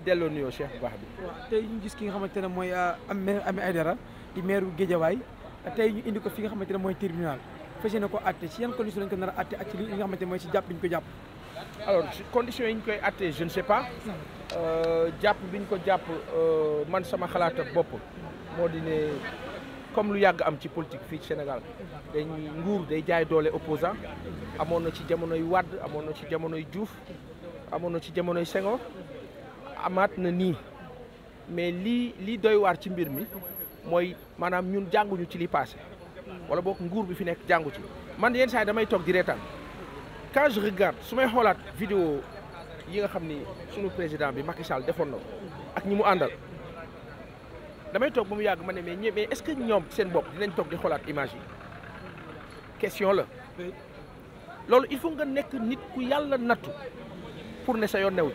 delloo nuyoo cheikh bu baax bi. waaw tey ñu gis ki nga xamante ne mooy euh, Ahmed Aidara di maire bu Guédiawaye tey ñu indi ko fi nga xamante ne mooy tribunal fas yéene ko àtte ci yan condition lañ ko nar a àtte ak ci li nga xamante ne mooy ci jàpp bi ñu ko jàpp. yi ñu koy àttee je ne sais pas euh, jàpp bi ko jàpp euh, man sama xalaat ak bopp moo di comme lu yàgg am ci politique fii Sénégal dañ nguur day jaay doole opposant amoon na ci jamonoy Wade amoon na ci jamonoy juuf amoon na ci jamonoy Senghor amaat na nii mais lii lii doy ci mbir mi mooy maanaam ñun jànguñu ci li passé wala boog nguur bi fi nekk jàngu man yenn saa yi damay toog di reetaan quand je regarde su may xoolaat vidéo yi nga xam ni sunu président bi Macky Sall defoon na ko ak ñi mu àndal damay toog ba mu yàgg ma ne mais ñë mais est-ce que ñoom seen bopp dinañ toog di xoolaat image yi la loolu il faut nga nekk nit ku yàlla nattu pour ne sa yoon new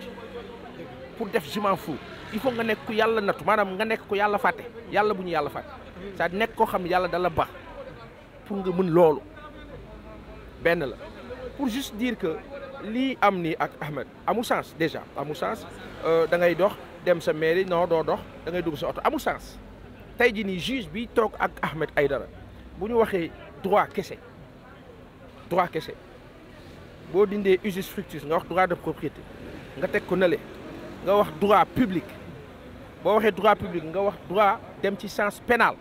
pour def je fu fous il faut nga nekk ku yàlla nattu maanaam nga nekk ku yàlla fàtte yàlla bu ñu yàlla fàtte cest nekk koo xam ne yàlla dala ba pour nga mën loolu benn la pour juste diir que lii am nii ak Ahmed amul sens déjà amul sens euh, da ngay dox dem sa mairie non doo dox da ngay dugg sa oto amul sens tey jii nii juge bi toog ak Ahmed Aïdara bu ñu waxee droit kese droit kese boo dindee usus fructus nga wax droit de propriété nga teg ko nale nga wax droit public boo waxee droit public nga wax droit dem ci sens pénal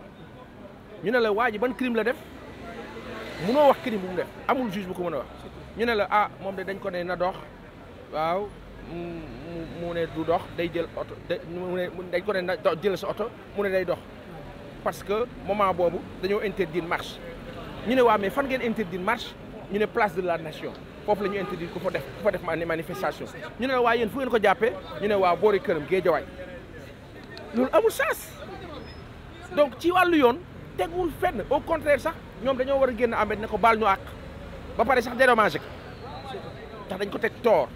ñu ne la waa ji ban crime la def munoo wax crime bu mu def amul juge bu ko mën a wax ñu ne la ah moom de dañ ko ne na dox waaw mu ne du dox day jël oto mu ne dañ ko ne na jël sa oto mu ne day dox parce que moment boobu dañoo interdire marche ñu ne waa mais fan ngeen interdine marche ñu ne place de la nation foofu la ñu interdire ku fa def ku fa def manifestation ñu ne waa yéen fu ngeen ko jàppee ñu ne waa boori këram géejawaay loolu amul sens donc ci wàllu yoon tegul fenn au contraire sax ñoom dañoo war a génn amet ne ko bal ñu àq ba pare sax dédommagé ko ndax dañ ko teg toor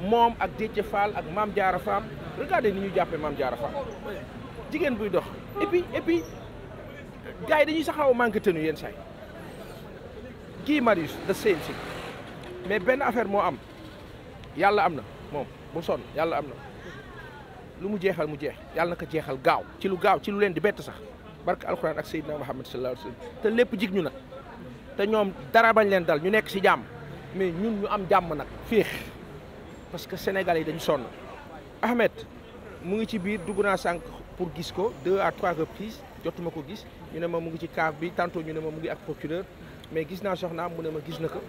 moom ak Déthié Fall ak maam Diarra Fam regardez ni ñu jàppee Mame Diarra Fam jigéen buy dox et puis et puis gars yi dañuy sax xaw a manqué tenue yenn saa yi kii Marius the same thing mais benn affaire moo am yàlla am na moom bu sonn yàlla am na lu mu jeexal mu jeex yàlla na ko jeexal gaaw ci lu gaaw ci lu leen di bett sax barke alxuraan ak Seydina Muhammad sallallahu alayhi wa sallam te lépp jig ñu nag te ñoom dara bañ leen dal ñu nekk si jàmm mais ñun ñu am jàmm nag féex parce que Sénégalais yi dañu sonn Ahmed mu ngi ci biir dugg naa sànq pour gis ko deux à trois reprises jotuma ko gis ñu ne ma mu ngi ci cave bi tantôt ñu ne ma mu ngi ak procureur mais gis naa soxnaam mu ne ma gis na ko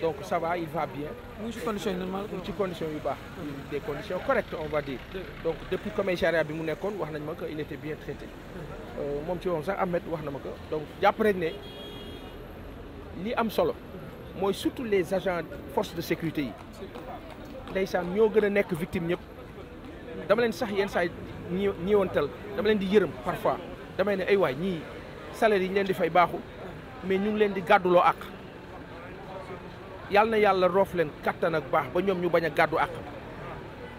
donc ça va il va bien. mu ngi ci condition yu normal mu condition yu baax. des conditions correctes on va dire. donc depuis commissariat bi mu nekkoon wax nañ ma ko il était bien traité. Euh, moom ci woon sax Ahmed wax na ma ko donc jàpp rek ne li am solo mooy surtout les agents forces de sécurité yi ndeysaan ñoo gën a nekk victime ñëpp dama leen sax yenn saa yi ñi dama leen di yërëm parfois damay ne ay waay ñii salaire yi ñu leen di fay baaxul mais ñu ngi leen di gàdduloo ak yàlla na yàlla roof leen kattan ak baax ba ñoom ñu bañ a gàddu àq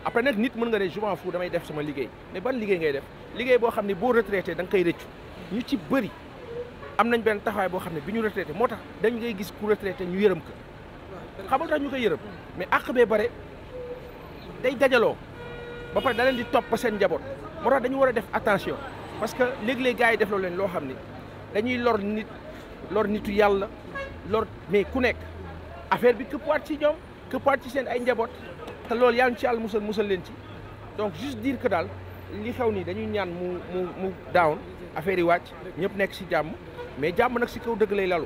après nag nit mën nga ne je m'en damay def sama liggéey mais ban liggéey ngay def liggéey boo xam ne boo retraité da nga koy rëccu ñu ci bëri am nañ benn taxawaay boo xam ne bi ñu retraité moo tax dañ gay gis ku retraité ñu yërëm ko xamal tax ñu koy yërëm mais àq bee bare day dajaloo ba pare di topp seen njaboot moo tax dañu war a def attention parce que léeg-léeg gars yi def leen loo xam ne dañuy lor nit lor yàlla mais ku nekk affaire bi waat ci ñoom këpp waat ci seen ay njaboot te loolu yaa ci àll musal musal leen ci donc juste dire que daal ni xew nii dañuy ñaan mu mu mu down affaire yi wàcc ñëpp nekk si jàmm mais jàmm nag si kaw dëgg lay lalu.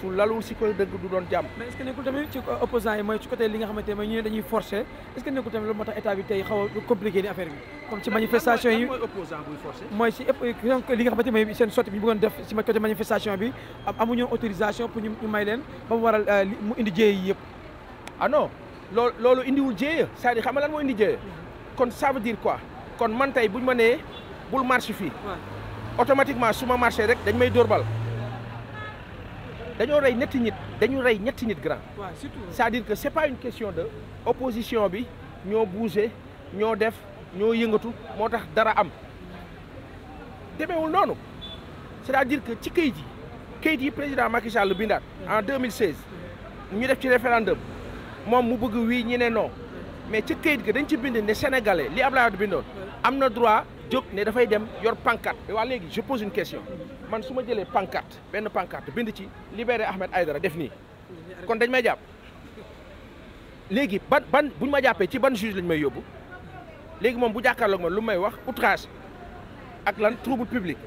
su lalul si koy dëgg du doon jàmm. mais est ce que nekkul tamit ci opposants yi mooy ci côté li nga xamante mooy ñu dañuy forcer est ce que nekkul tamit loolu moo tax état bi tey xaw a ni affaire bi. comme si li bi ñu bëggoon def pour ñu may leen ba mu euh, indi jéey yi yëpp. ah loolu indiwul jéeya c'est-à-dire xam nga lan moo indi jéeya mhm. kon saa veut dire quoi kon man tey ñu ma nee bul marché fii automatiquement su ma marché rek dañ may dóorbal dañoo rey ñetti nit dañu rey ñetti nit grand c'est-à-dire que c'est pas une question de bi ñoo bougé ñoo def ñoo yëngatu moo tax dara am demeewul noonu c'est-à-dire que ci kayit yi kayit yi président Macky Sall bindaat en 2016 ñu def ci référendum moom mu bëgg wii ñi ne non mais ci kayit ga dañ ci bind ne sénégalais li Abdoulaye bindoon am na droit jóg ne dafay dem yor pancarte waa léegi je pose une question man su ma jëlee pancarte benn pancarte bind ci libéré ay dara def nii kon dañ may jàpp léegi ban buñ ma jàppee ci ban juge lañ may yóbbu léegi moom bu jàkkaarloog man lu may wax outrage ak lan trouble public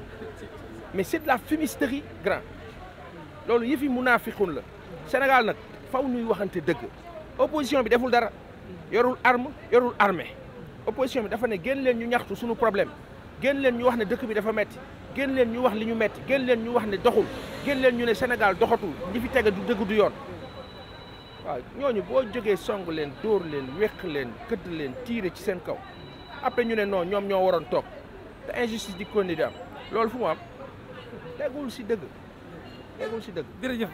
mais c'est de la fumisterie grand loolu yëfi munaafiqun la Sénégal nag faw nuy waxante dëgg opposition bi deful dara yorul arme yorul armée opposition bi dafa ne génn leen ñu ñaxtu suñu problème génn leen ñu wax ne dëkk bi dafa metti génn leen ñu wax li ñu metti génn leen ñu wax ne doxul génn leen ñu ne Sénégal doxatul ñi fi tege du dëgg du yoon waaw ñooñu boo jógee song leen dóor leen wéq leen këdd leen tiire ci seen kaw après ñu ne non ñoom ñoo waroon toog te injustice di kondi am loolu fu mu am tegul si dëgg tegul si dëgg jërëjëf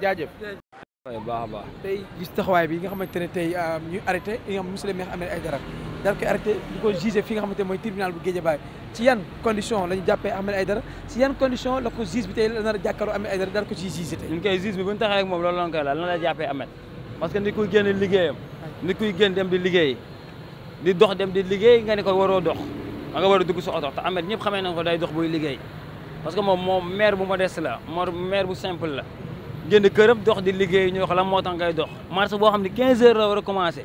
jaajëf baax a baax tey gis taxawaay bi nga xamante ne tey euh, ñuy arrêté yi nga xam monsieur le maire Ahmed Aïdara daal koy arrêté di ko jugé fi nga xamante mooy tribunal bu Guédiawaye ci yan condition la ñu jàppee Ahmed Aïdara ci yan condition la ko juge bi tey la nar a jàkkaaroo Ahmed Aïdara daal ko ciy koy juge bi bu ñu taxee ak moom loolu la ñu koy laal lan la jàppee Ahmed parce que nit kuy génn liggéeyam dem di liggéey di dox dem di liggéey nga ne ko waroo dox a nga war a dugg sa oto ñëpp xamee nañ ko day dox buy liggéey parce que moom moom maire bu modeste la moom maire bu simple la génn këram dox di liggéey ñu wax lan moo tax ngay dox marché boo xam ne 15 heures la war a commencé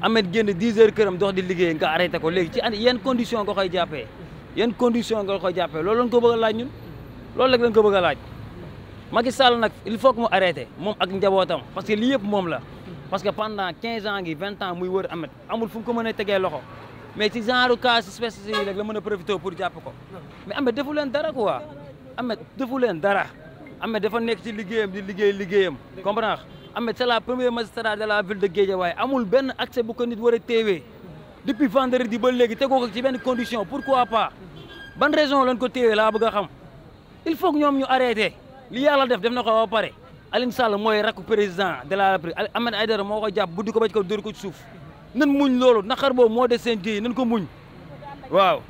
Ameth génn 10 heures këram dox di liggéey nga arrêté ko léegi ci an yan condition nga koy jàppee yan condition nga koy jàppee loolu lañ ko bëgg a laaj ñun loolu rek lañ ko bëgg a laaj Macky Sall il faut mu arrêté moom ak njabootam parce que lii yëpp moom la parce que pendant quinze ans ngi 20 ans muy wër Ameth amul fu mu ko mën a loxo mais ci genre cas espèce yi rek la mën a profité pour jàpp ko mais Ameth defu leen dara quoi Ameth defu leen dara Ameth dafa nekk ci liggéeyam di liggéey liggéeyam comprendre Ahmed c'est la première magistrat de la ville de Guédiawaye amul benn accès bu ko nit war a téewee depuis vendredi ba léegi tegoo ko ci benn condition pourquoi pas ban raison lañ ko téewee laa bëgg a xam il faut ñoom ñu arrêté li yàlla def def na ko ba pare Alioune Sall mooy rakku président de la République Ahmed Aïdara moo ko jàpp buddi ko ba ci kaw ko ci suuf nan muñ loolu naqar boobu moo de seen nan ko muñ waaw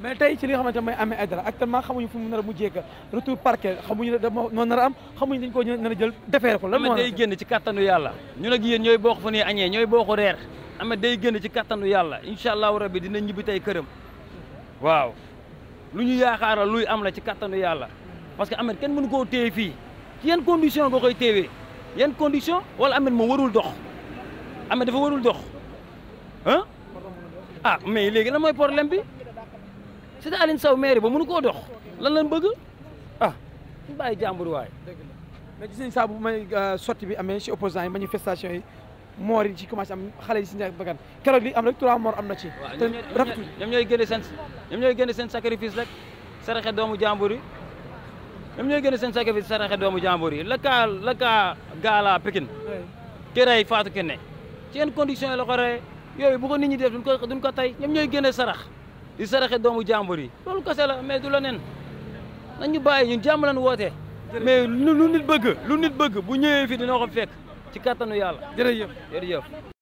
mais tey ci li nga xamante mooy Ahmed Aidara actuellement xamuñu fu mu nar a mujjee ka retour parquet xamuñu ne moo a am xamuñu dañ ko nar a jël defeere ko lan moo day génn ci kattanu yàlla ñun ak yéen ñooy bokk fa nuy añee ñooy bokk reer Ahmed day génn ci kattanu yàlla incha allahu rabbi dina ñibbi tey këram waaw lu ñu yaakaaral luy am la ci kattanu yàlla parce que Ahmed kenn mënu koo téye fii ci yan condition nga koy téewee yan condition wala Ahmed moom warul dox Ahmed dafa warul dox ah mais léegi lan mooy problème bi si da Aline Sow maire ba mënu koo dox lan lañ bëgg ah ñu bàyyi jàmbur waay mais gis nañ saa bu may euh, sotti bi amee si opposants yi manifestation yi moor yi ci commencé am xale yi si nekk bakkan keroog li am rek trois morts am na ci te rafetul ñoom ñooy génne seen ñoom ñooy génne seen sacrifice rek saraxe doomu jàmbur yi ñoom ñooy génne seen sacrifice saraxe doomu jàmbur yi la kaa la kaa gaala Pikine ki rey Fatou Kiné ci yenn condition yi la ko rey yooyu bu ko nit ñi def duñ ko duñ tey ñoom ñooy génne sarax di saraxe doomu jàmbur yi loolu kese la mais du la nen nañu bàyyi ñun jàmm lañ woote mais lu nit bëgg lu nit bëgg bu ñëwee fii dina ko fekk ci kattanu yàlla jërëjëf